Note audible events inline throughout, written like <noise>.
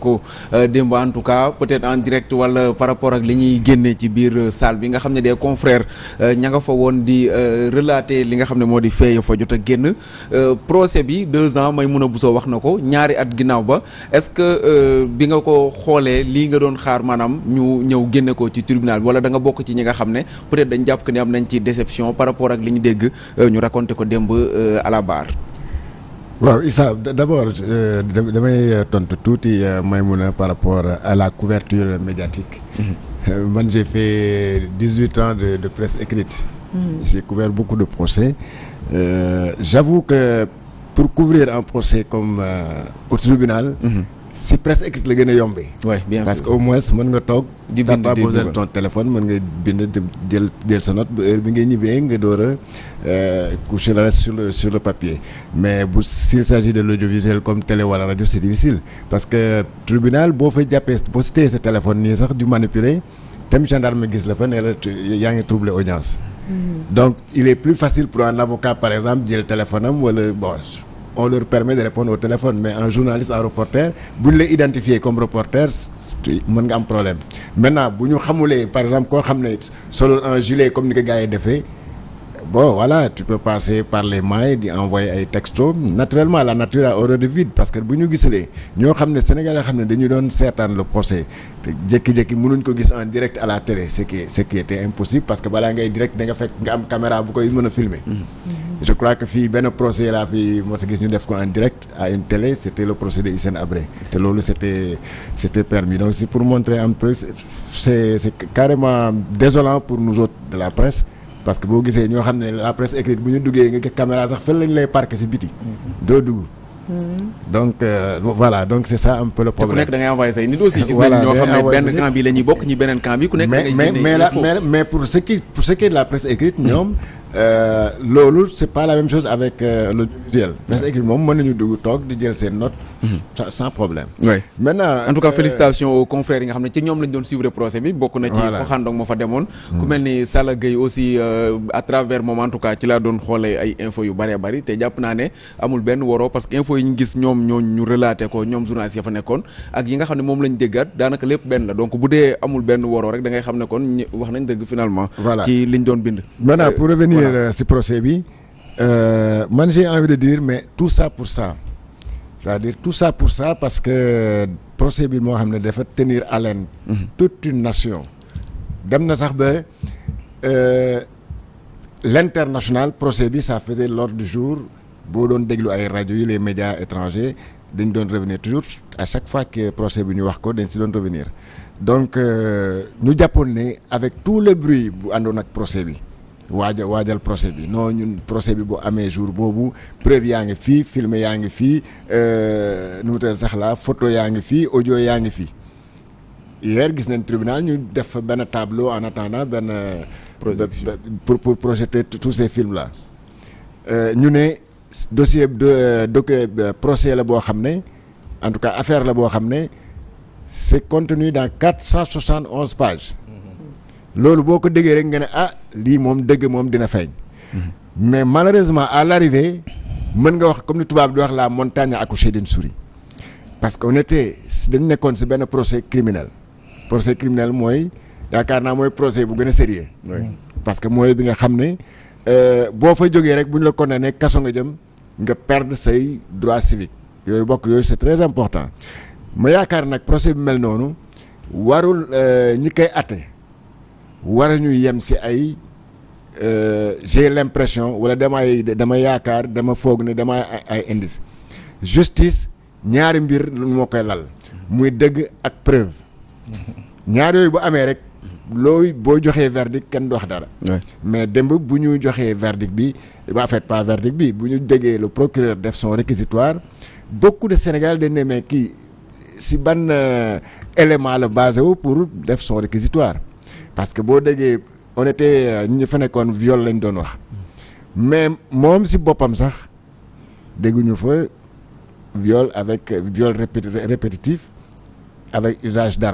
ko euh, démb en tout cas peut-être en direct wala par rapport ak li ñuy génnee ci biir euh, salle bi nga xam ne des confrères euh, ña nga fa woon di relate li nga xam ne moo di feeya fa jot a génn procès bi deux ans may mun a busoo wax na ko ñaari at ginnaaw ba est-ce que bi nga ko xoolee lii nga doon xaar maanaam ñu ñëw génne ko ci tribunal wala da nga bokk ci ñi nga xam ne peut-être dañ jàpp que ni am nañ ci déception par rapport ak li ñu dégg ñu raconté ko démb à la waaw Issa d'abord euh, damay euh, tontu tuuti euh, Maïmouna par rapport à la couverture médiatique. Mm-hmm. man j'ai fait dix-huit ans de de presse écrite. Mm-hmm. j'ai couvert beaucoup de procès. j'avoue que pour couvrir un procès comme au tribunal. Mm-hmm. si presse écrite la gën a yombee. oui bien parce sûr. que au moins mën nga toog. di bind pas besoin de ton téléphone mën nga bind jël jël sa note heure bi ngay ñibbee nga door a euh, coucher le reste sur le sur le papier. mais bu s'il s'agit de l'audiovisuel comme télé wala rajo c'est difficile parce que tribunal boo fay jàppee boo si téye sa téléphone nii sax du manipuler tam gendarme gis la fa ne la yaa ngi troubler audience. Mm-hmm. donc il est plus facile pour un avocat par exemple jël téléphone am wala bon. on leur permet de répondre au téléphone mais un journaliste un reporter bu ñu lay identifier comme reporter mën nga am problème maintenant bu ñu xamulee par exemple koo xam ne solo en gilet comme ni ko gars yi defee bon wala tu peux passer par les mailles di envoyer ay textos naturellement la nature a horreur parce que bu ñu gisalee ñoo xam ne Sénégal yoo xam ne dañu doon seetaan le procès te jékki-jékki mënuñ ko gis en direct à la télé ce qui ce qui était impossible parce que balaa ngay direct da nga fekk nga am caméra bu koy mën a filmer mm. mm-hmm. je crois que fii benn procès laa fi mos a gis ñu def ko en direct à une télé c' le procès de Hissène Habré te loolu c' était permis donc c'est pour montrer un peu c' est c' est carrément désolant pour nous autres de la presse parce que boo gisee ñoo xam ne la presse écrite bu ñu duggee nga caméra sax fan lañ lay parqué si biti mm-hmm. doo dugg mm-hmm. donc euh, voilà donc c'est ça un peu le problème. te ku nekk da ngay envoyé say nit aussi. <laughs> gis nañ ñoo bokk ñi beneen camp bi. ku nekk da Euh, loolu c' est pas la même chose avec euh, le duel presse écrite moom mën nañu dugg toog di jël seen note mhm. sans problème oui maintenant en tout cas euh, félicitations aux confrères yi nga xam ne ci ñoom lañ doon suivre procès bi bokk na ci xaxaandong ma fa demoon ku mhm. mel ni Sala aussi à travers moom en tout cas ci laa doon xoolee ay infos yu bëree bëri te jàpp naa ne amul benn waroo parce que infos yi ñu gis ñoom ñoo ñu relaté ko ñoom journalistes ya fa nekkoon ak yi nga xam ne moom lañ déggaat daanaka lépp benn la donc bu dee amul benn waroo rek da xam ne kon wax nañ dëgg finalement ci liñ doon bind revenir euh, si procès bi euh, man j'ai envie de dire mais tout ça pour ça cest à tout ça pour ça parce que procès bi moo xam ne defa tenir haleine mhm. toute une nation dem na sax ba euh, l'international procès bi ça faisait l'ordre du jour boo doon déglu ay rajo yi les médias étrangers dañ doon revenir toujours à chaque fois que procès bi ñu wax ko dañ si doon revenir donc ñu jàppoon ne avec tout le bruit bu àndoon ak procès bi waaja waajal procès bi non ñun procès bi bu amee jour boobu preuve yaa ngi fii film yaa ngi fii euh, nu mu sax la photo yaa ngi fii audio yaa ngi fii hier gis nañ tribunal ñu def benn tableau en attendant benn. projection pour pour projeter tous ces films là euh, ñu ne dossier de doc euh, procès la boo xam ne en tout cas affaire la boo xam ne c'est continue dans quatre cent soixante onze pages. loolu boo ko déggee rek nga ne ah lii moom dëgg moom dina feeñ. Mm-hmm. mais malheureusement à l'arrivée mën nga wax comme ni tubaab di wax la montagne a accouché d'une parce que on était dañ nekkoon si benn procès criminel procès criminel mooy yaakaar naa mooy procès bu gën a sérieux mm. parce que mooy bi nga xam ne euh, boo fa jógee rek bu ñu la ne kaso nga jëm nga perdre say droits civiques yooyu bokk yooyu c'est très important ma yaakaar nag procès bi mel noonu warul euh, ñi koy atte war a ñu yem si ay euh, j'ai l'impression wala damay dama yaakaar dama foog ne dama ay indice justice ñaari mbir moo koy lal muy dëgg ak preuve ñaar yooyu bu amee rek looy boo joxee verdict kenn du wax dara mais démb bu ñu joxee verdict bi en fait pas verdict bi bu ñu déggee le procureur def son réquisitoire beaucoup de Sénégal dañ ne kii si ban euh, élément la basé wu pour def son réquisitoire parce que boo déggee on euh, ñi fa nekkoon viol lañ doon wax mais moom si boppam sax dégguñu fa viol avec viol répétitif avec usage du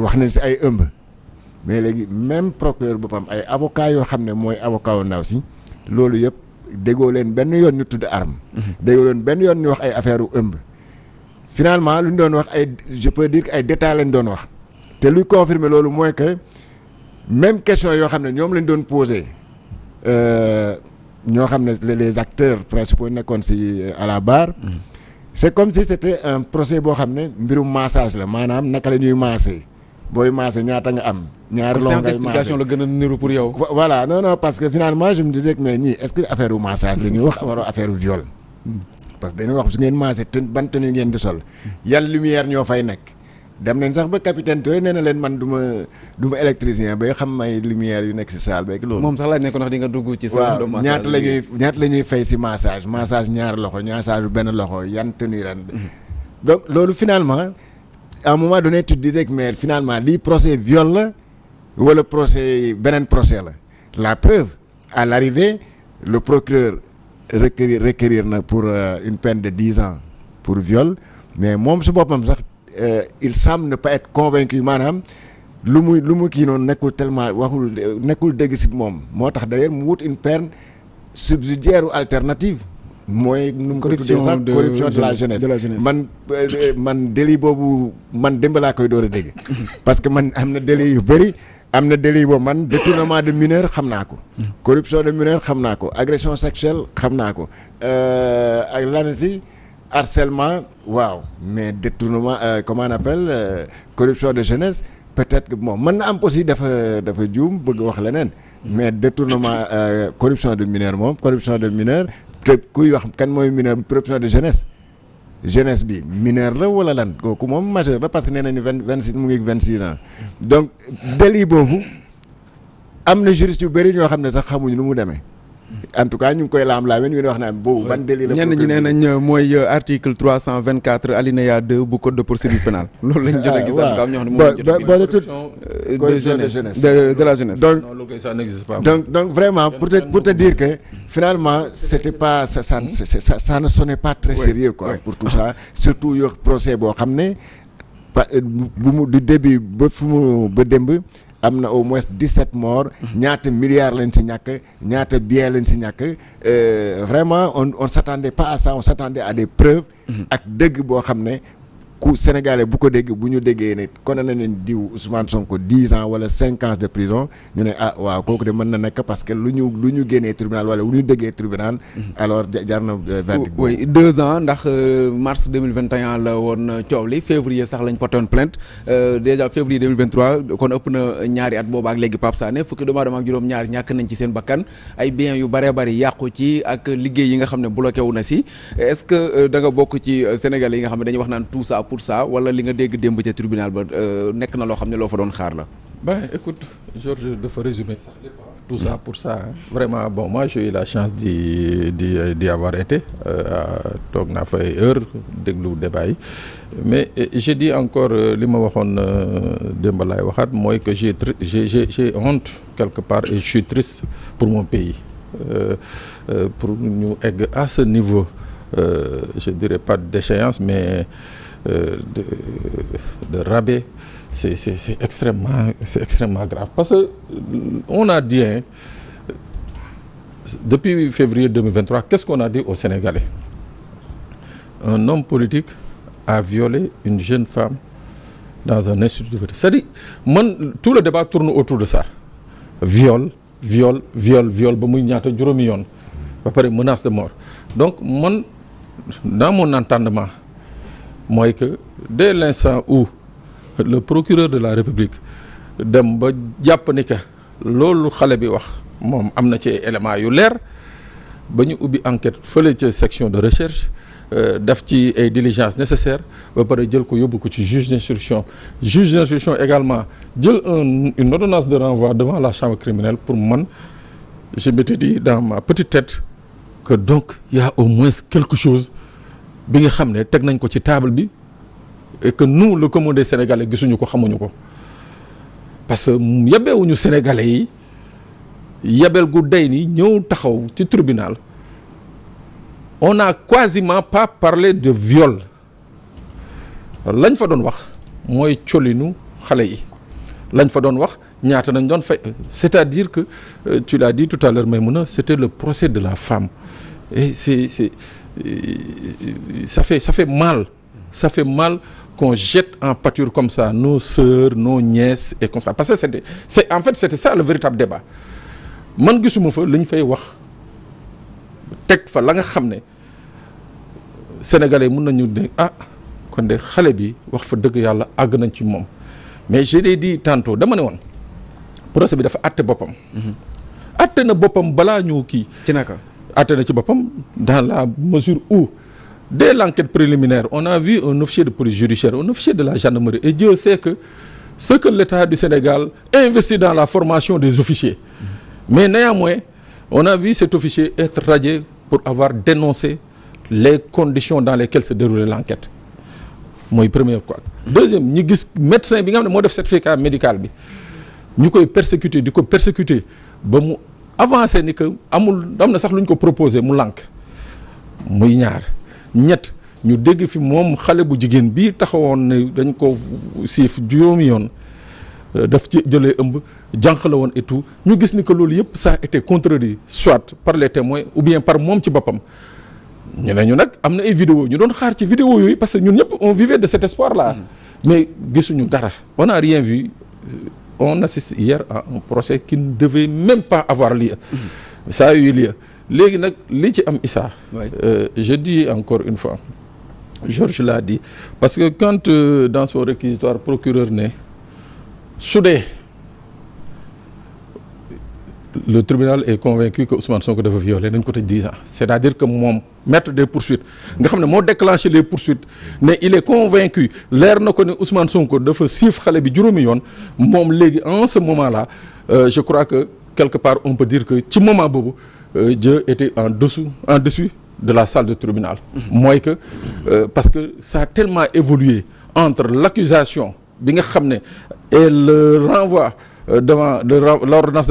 wax nañ si ay ëmb mais léegi même procureur boppam ay avocat yoo xam ne mooy avocat wu ndaw si loolu yëpp déggoo leen benn yoon ñu tudd arme mhm. déggoo leen benn yoon ñu wax ay affaire ëmb finalement lu ñu doon wax ay je peux dire que ay détails lañ doon wax te luy confirmer loolu mooy que même question yoo xam ne ñoom lañu doon posé euh, ñoo xam ne les acteurs principaux nekkoon si euh, la barre. Mm-hmm. c'est comme boo xam ne mbirum massage la maanaam naka la ñuy maasee booy maasee ñaata nga am. ñaar loo ngay explication la gën a niru pour yow. voilà non parce que finalement je me disais que mais ñii est-ce que affaire u massage la wax waroo affaire u viol. Mm. parce que dañuy wax su ngeen maasee ban tenue ngeen di sol mm. yan lumière ñoo fay nekk. dem nañ sax ba capitaine Touré nee na leen man du ma du ma électricien bay xam may lumière yu nekk si saal beeg loolu. moom sax laaj ne ko di nga dugg ci. salon de massage waaw ñaata la ñuy ñaata la ñuy fay si massage massage ñaar loxo benn loxo yan tenue ren. Mm-hmm. donc loolu finalement à un moment donné tu disais que mais finalement lii procès viol la wala procès beneen procès la la preuve à l'arrivée le procureur requérir requérir na pour euh, une peine de dix ans pour viol mais moom su boppam sax. Euh, il semble ne pas être convaincu maanaam lu muy lu mu kii noonu nekkul tellement waxul nekkul dëgg si moom moo tax d'ailleurs mu wut une peine subsidiaire ou alternative mooy nu mu ko tuddee sax corruption de la jeunesse man euh, man délit boobu man démb laa koy door a dégg <laughs> parce que man am na délit yu bëri am na délit boobu man détournement de mineur xam naa ko mm. corruption de mineur xam naa ko agression sexuelle xam naa ko euh, ak lanati harcèlement waaw mais détournement euh, comment on appelle euh, corruption de jeunesse peut-être que mën na am aussi dafa dafa juum bëgg wax leneen mais détournement euh, corruption de mineur moom corruption de mineur te kuy wax kan mooy mineur corruption de jeunesse jeunesse bi mineur la wala lan kooku moom majeur la parce que nee nañu vingt vingt six mu ngi vingt six ans donc délit boobu am na juriste yu bëri ñoo xam ne sax xamuñ lu mu demee en tout cas ñu ngi koy laam-laameen ñu ne wax naan boobu ban délit la ñenn ñi euh, euh, bu code de procédure pénale <laughs> loolu lañ jot a gis am ñoo xam ne moom euh, corruption de jeunesse de la jeunesse donc ça n'existe pas donc donc vraiment pour te pour te dire que finalement c'était pas ça ça hmm? ça pas très sérieux quoi pour tout ça <laughs> surtout yo procès boo xam ne bu mu du début ba fu mu ba démb am na au moins dix-sept morts ñaata milliards lañ si ñàkk ñaata biens lañ si ñàkk euh, vraiment on on s'attendait pas à ça on s'attendait à des preuves mm-hmm. ak dëgg boo xam ne ku sénégalais bu ko dégg bu ñu déggee ne condamné nañ diw Ousmane Sonko dix ans wala cinq ans de prison ñu ne ah waaw kooku de mën na nekk parce que lu ñu lu ñu génnee tribunal wala lu ñu déggee tribunal. Mhm. alors jar na euh, verdict. oui deux ans ndax euh, mars deux mille vingt et un la woon euh, coow li février sax lañ porté woon février kon ëpp na ñaari at booba ak léegi Pape Sané fukki doomu aadama ak juróom-ñaar ñàkk nañ ci seen bakkan ay biens yu bëree bëri yàqu ci ak liggéey yi nga xam ne bloqué wu na si est-ce que da nga bokk ci sénégalais yi nga pour ça wala li nga dégg démb ca tribunal ba euh, nekk na loo xam ne loo fa doon xaar la. ben écoute Georges dafa résumer tout ça pour ça vraiment bon moi j'ai la chance d'y d'y d'y avoir été euh, toog fa ay déglu débat yi mais je di encore euh, li ma waxoon démb laay waxaat mooy que j'ai j'ai j'ai j'ai honte quelque part et je suis triste pour mon pays pour ñu egg à ce niveau euh, je dirais pas d'échéance mais Euh, de de rabais c'est c'est c'est extrêmement c'est extrêmement grave parce que euh, on a dit hein, depuis février 2023 qu'est-ce qu'on a dit au Sénégalais un homme politique a violé une jeune femme dans un institut de vote cest à man tout le débat tourne autour de ça viole viole viole viole ba muy ñaata juróomi yoon ba pare menace de mort donc man dans mon entendement mooy que dès l'instant où le procureur de la république dem ba jàpp ni que loolu xale bi wax moom am na ci éléments yu leer ba ñu ubbi enquête fële ca section de recherche euh, def ci ay diligence nécessaire ba pare jël ko yóbbu ko ci juge d'instruction juge d'instruction également jël un une ordonnance de renvoi devant la chambre criminelle pour man je m'étais dit dans ma petite tête que donc il au moins quelque chose bi nga xam ne teg nañ ko ci table bi et que nous le commun sénégalais gisuñu ko xamuñu ko parce que yebewuñu sénégalais yi yebel gu day ni ñëw taxaw ci tribunal on a quasiment pas parlé de viol lañ fa doon wax mooy colinu xale yi lañ fa doon wax ñaata nañ doon fay c'est-à-dire que euh, tu l'as dit tout à l'heure a c'était le procès de la femme ça fait ça fait mal ça mal en pâture comme ça nos sœurs nos nièces et comme ça parce que c'était c'est en fait c'était ça le véritable débat man gisuma fa la ñu fay wax teg fa la nga xam ne sénégalais mun nañu ne ah kon de xale bi wax fa dëgg yàlla àgg nañ ci moom mais je l'ai dit tantôt dama ne woon procès bi dafa àtte boppam mm-hmm. àtte na boppam balaa ñëw kii ci naka àtte na ci boppam dans la mesure où dès l'enquête préliminaire on a vu un officier de police judiciaire un officier de la gendarmerie et Dieu sait que ce que l'État du Sénégal investit dans la formation des officiers mais néanmoins on a vu cet officier être radié pour avoir dénoncé les conditions dans lesquelles se déroulait l'enquête mooy première quoi deuxième ñu gis médecin bi nga xam ne moo def certificat médical bi ñu koy persécuter di ko persécuter avancé ni que amul am na sax lu ñu ko proposé mu lànk muy ñaar ñett ñu dégg fi moom xale bu jigéen bii taxawoon ne dañ ko siif juróomi yoon euh, daf ci jëlee ëmb jànq la woon et ñu gis ni que loolu yëpp ça a été contredit soit par les témoins ou bien par moom ci boppam ñu ne ñu nag am na ay vidéo ñu doon xaar ci vidéo yooyu parce que ñun ñëpp on vivait de cet espoir là mmh. mais gisuñu dara on rien vu on assiste hier à un procès qui ne devait même pas avoir lieu. Mhm. ça a eu léegi nag li ci am Issa. Euh, je dis encore une fois Georges l'a dit parce que quand euh, dans son réquisitoire procureur ne su le tribunal est convaincu que Ousmane Sonko dafa violé nañ ko tëj dix ans c'est-à-dire que moom maître des poursuites nga xam ne moo déclenché les poursuites mais il est convaincu leer na ko ne Ousmane Sonko dafa siif xale bi juróomi yoon moom léegi en ce moment la euh, je crois que quelque part on peut dire que ci moment boobu euh, Dieu était en dessous en dessus de la salle de tribunal mooy que euh, parce que ça a tellement évolué entre l'accusation bi nga xam ne et le Euh, devant de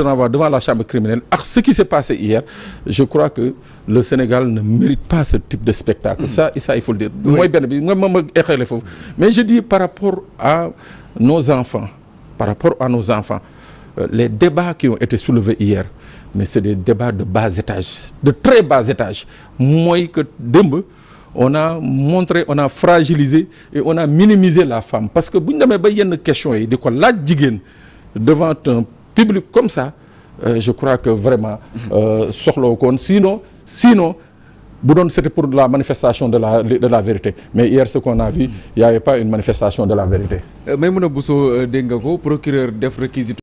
renvoi devant la chambre criminelle ak ce qui s'est passé hier je crois que le Sénégal ne mérite pas ce type de spectacle mm-hmm. ça ça il faut le dire mooy benn bi nga ma a eqale foofu mais je dis par rapport à nos enfants par rapport à nos enfants euh, les débats qui ont été soulevés hier mais c'est des débats de bas étage de très bas étage mooy que démb on a montré on a fragilisé et on a minimisé la femme parce que bu ñu demee ba yenn question yi di ko laaj jigéen devant un public comme ça euh, je crois que vraiment euh, soxlawu koon sinon sinon bu doon c'était pour la manifestation de la la vérité mais hier ce qu'on a pas une manifestation de la vérité euh, Maïmouna Bousso dégg nga ko procureur def réquisition